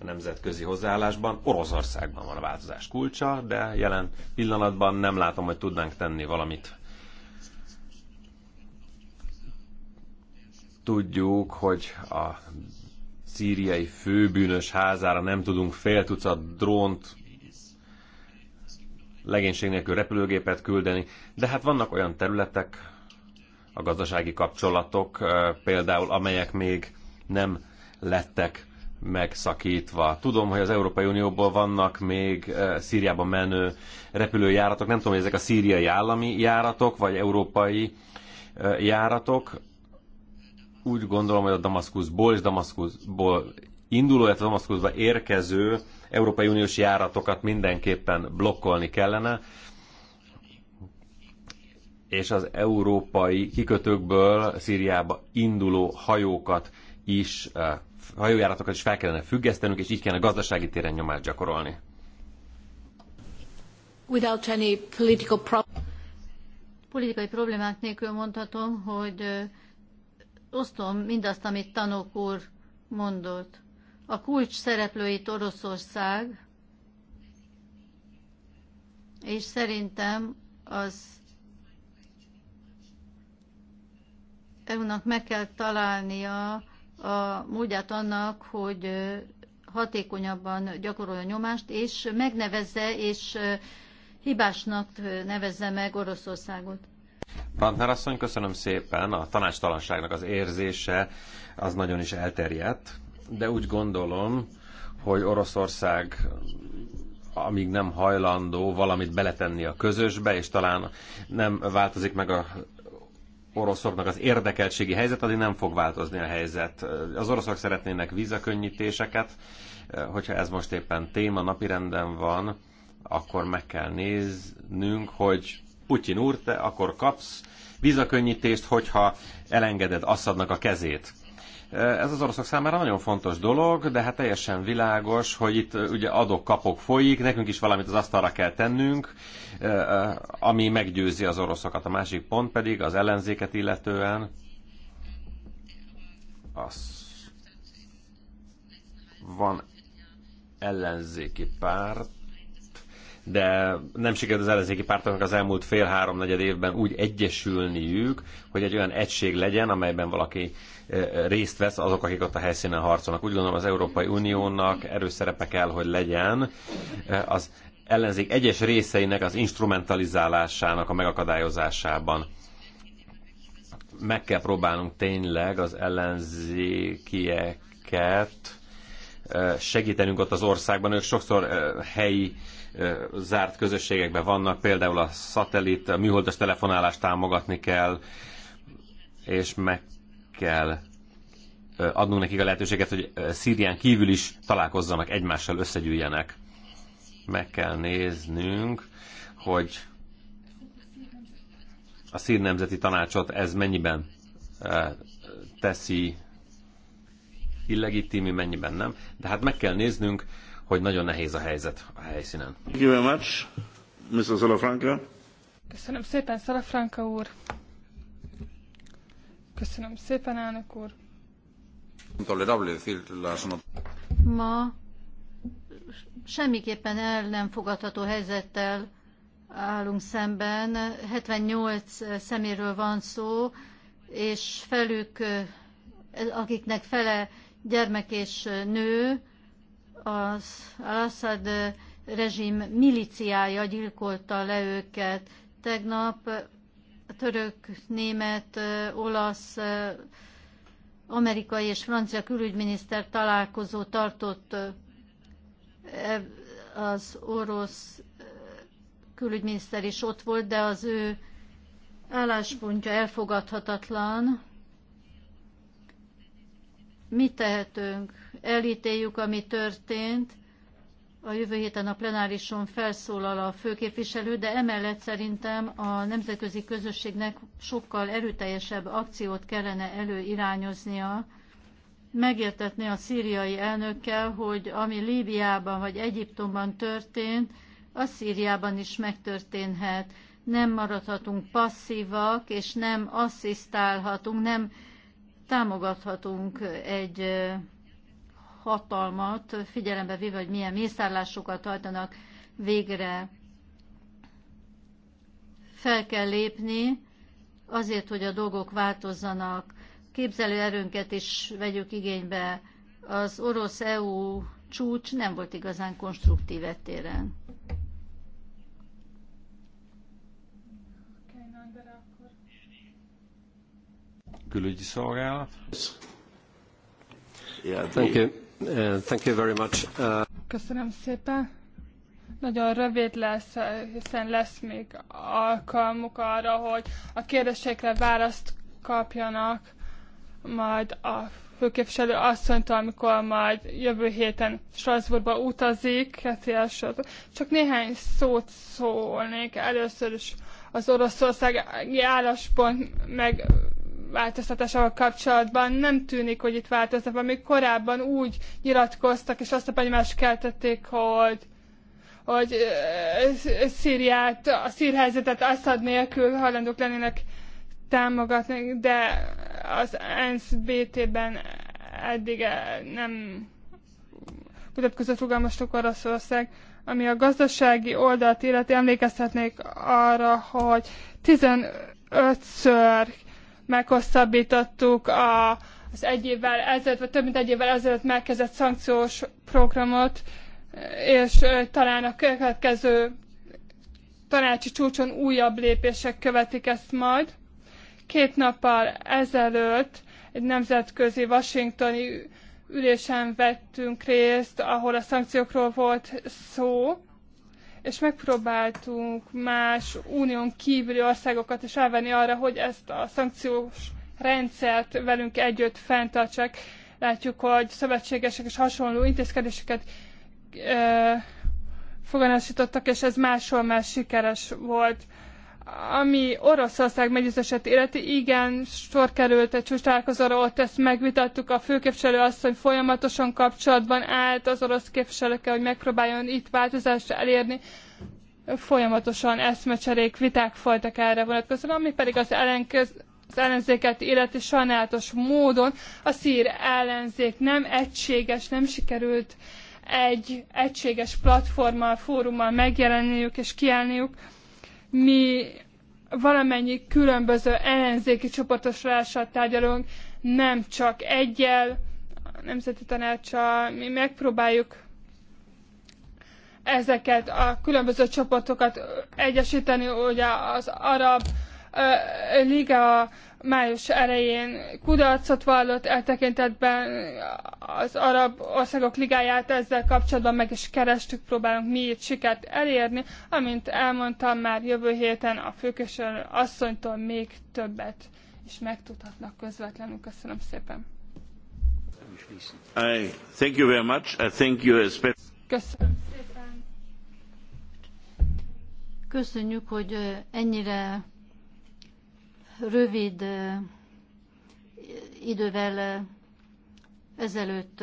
a nemzetközi hozzáállásban. Oroszországban van a változás kulcsa, de jelen pillanatban nem látom, hogy tudnánk tenni valamit Tudjuk, hogy a szíriai főbűnös házára nem tudunk fél tucat drónt legénység nélkül repülőgépet küldeni, de hát vannak olyan területek, a gazdasági kapcsolatok például, amelyek még nem lettek megszakítva. Tudom, hogy az Európai Unióból vannak még Szíriába menő repülőjáratok, nem tudom, hogy ezek a szíriai állami járatok, vagy európai járatok, úgy gondolom, hogy a Damaszkuszból és Damaszkuszból induló, illetve Damaszkuszba érkező Európai Uniós járatokat mindenképpen blokkolni kellene, és az európai kikötőkből Szíriába induló hajókat is, eh, hajójáratokat is fel kellene függesztenünk, és így kellene gazdasági téren nyomást gyakorolni. Without any political pro- politikai problémák nélkül mondhatom, hogy eh, osztom mindazt, amit tanok úr mondott. A kulcs szereplőit Oroszország, és szerintem az EU-nak meg kell találnia a módját annak, hogy hatékonyabban gyakorolja nyomást, és megnevezze, és hibásnak nevezze meg Oroszországot asszony, köszönöm szépen. A tanácstalanságnak az érzése az nagyon is elterjedt, de úgy gondolom, hogy Oroszország amíg nem hajlandó valamit beletenni a közösbe, és talán nem változik meg a oroszoknak az érdekeltségi helyzet, addig nem fog változni a helyzet. Az oroszok szeretnének vízakönnyítéseket, hogyha ez most éppen téma, napirenden van, akkor meg kell néznünk, hogy Putyin úr, te akkor kapsz vízakönnyítést, hogyha elengeded Assadnak a kezét. Ez az oroszok számára nagyon fontos dolog, de hát teljesen világos, hogy itt ugye adok-kapok folyik, nekünk is valamit az asztalra kell tennünk, ami meggyőzi az oroszokat. A másik pont pedig az ellenzéket illetően az van ellenzéki párt, de nem sikerült az ellenzéki pártoknak az elmúlt fél-háromnegyed évben úgy egyesülniük, hogy egy olyan egység legyen, amelyben valaki részt vesz azok, akik ott a helyszínen harcolnak. Úgy gondolom az Európai Uniónak erős szerepe kell, hogy legyen az ellenzék egyes részeinek az instrumentalizálásának a megakadályozásában meg kell próbálnunk tényleg az ellenzékieket segítenünk ott az országban. Ők sokszor helyi zárt közösségekben vannak, például a szatellit, a műholdas telefonálást támogatni kell, és meg kell adnunk nekik a lehetőséget, hogy Szírián kívül is találkozzanak, egymással összegyűjjenek. Meg kell néznünk, hogy a Szír Nemzeti Tanácsot ez mennyiben teszi illegitimi, mennyiben nem. De hát meg kell néznünk, hogy nagyon nehéz a helyzet a helyszínen. Thank you very much, Mr. Salafranca. Köszönöm szépen, Salafranca úr. Köszönöm szépen, elnök úr. Ma semmiképpen el nem fogadható helyzettel állunk szemben. 78 szeméről van szó, és felük, akiknek fele gyermek és nő, az Assad rezsim miliciája gyilkolta le őket. Tegnap török, német, olasz, amerikai és francia külügyminiszter találkozó tartott e, az orosz külügyminiszter is ott volt, de az ő álláspontja elfogadhatatlan mit tehetünk? Elítéljük, ami történt. A jövő héten a plenárison felszólal a főképviselő, de emellett szerintem a nemzetközi közösségnek sokkal erőteljesebb akciót kellene előirányoznia, megértetni a szíriai elnökkel, hogy ami Líbiában vagy Egyiptomban történt, az Szíriában is megtörténhet. Nem maradhatunk passzívak, és nem asszisztálhatunk, nem támogathatunk egy hatalmat, figyelembe véve, hogy milyen mészárlásokat hajtanak végre. Fel kell lépni azért, hogy a dolgok változzanak. Képzelő erőnket is vegyük igénybe. Az orosz-EU csúcs nem volt igazán konstruktív ettéren. külügyi szolgálat. Uh, uh, Köszönöm szépen. Nagyon rövid lesz, hiszen lesz még alkalmuk arra, hogy a kérdésekre választ kapjanak majd a főképviselő asszonytól, amikor majd jövő héten Strasbourgba utazik, heti Csak néhány szót szólnék először is az oroszországi álláspont meg változtatásával kapcsolatban nem tűnik, hogy itt változtak, mert még korábban úgy nyilatkoztak, és azt a benyomást keltették, hogy hogy Szíriát, a szírhelyzetet Assad nélkül hajlandók lennének támogatni, de az ENSZ BT-ben eddig nem mutatkozott rugalmasok Oroszország. Ami a gazdasági oldalt illeti, emlékeztetnék arra, hogy 15-ször meghosszabbítottuk a, az egy évvel ezelőtt, vagy több mint egy évvel ezelőtt megkezdett szankciós programot, és talán a következő tanácsi csúcson újabb lépések követik ezt majd. Két nappal ezelőtt egy nemzetközi washingtoni ülésen vettünk részt, ahol a szankciókról volt szó, és megpróbáltunk más unión kívüli országokat is elvenni arra, hogy ezt a szankciós rendszert velünk együtt fenntartsák. Látjuk, hogy szövetségesek és hasonló intézkedéseket ö, foganásítottak, és ez máshol már sikeres volt ami Oroszország megyőzését illeti, igen, sor került egy csúcsálkozóra, ott ezt megvitattuk, a főképviselő hogy folyamatosan kapcsolatban állt az orosz képviselőkkel, hogy megpróbáljon itt változást elérni. Folyamatosan eszmecserék, viták folytak erre vonatkozóan, ami pedig az ellenkez, az ellenzéket illeti sajnálatos módon a szír ellenzék nem egységes, nem sikerült egy egységes platformmal, fórummal megjelenniük és kiállniuk mi valamennyi különböző ellenzéki csoportosulással tárgyalunk, nem csak egyel, a Nemzeti Tanácssal, mi megpróbáljuk ezeket a különböző csoportokat egyesíteni, ugye az arab, liga május elején kudarcot vallott eltekintetben az arab országok ligáját ezzel kapcsolatban meg is kerestük, próbálunk mi itt sikert elérni, amint elmondtam már jövő héten a főkösör asszonytól még többet is megtudhatnak közvetlenül. Köszönöm szépen. I thank you very much. I thank you especially. Köszönöm szépen. Köszönjük, hogy ennyire rövid idővel ezelőtt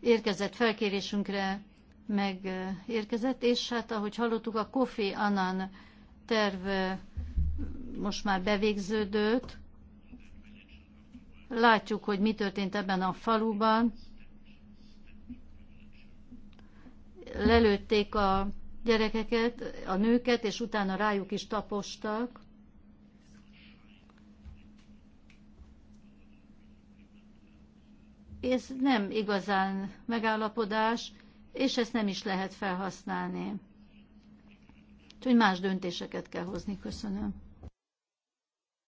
érkezett felkérésünkre megérkezett, és hát ahogy hallottuk, a Kofi Annan terv most már bevégződött. Látjuk, hogy mi történt ebben a faluban. Lelőtték a gyerekeket, a nőket, és utána rájuk is tapostak. ez nem igazán megállapodás, és ezt nem is lehet felhasználni. Úgyhogy más döntéseket kell hozni. Köszönöm.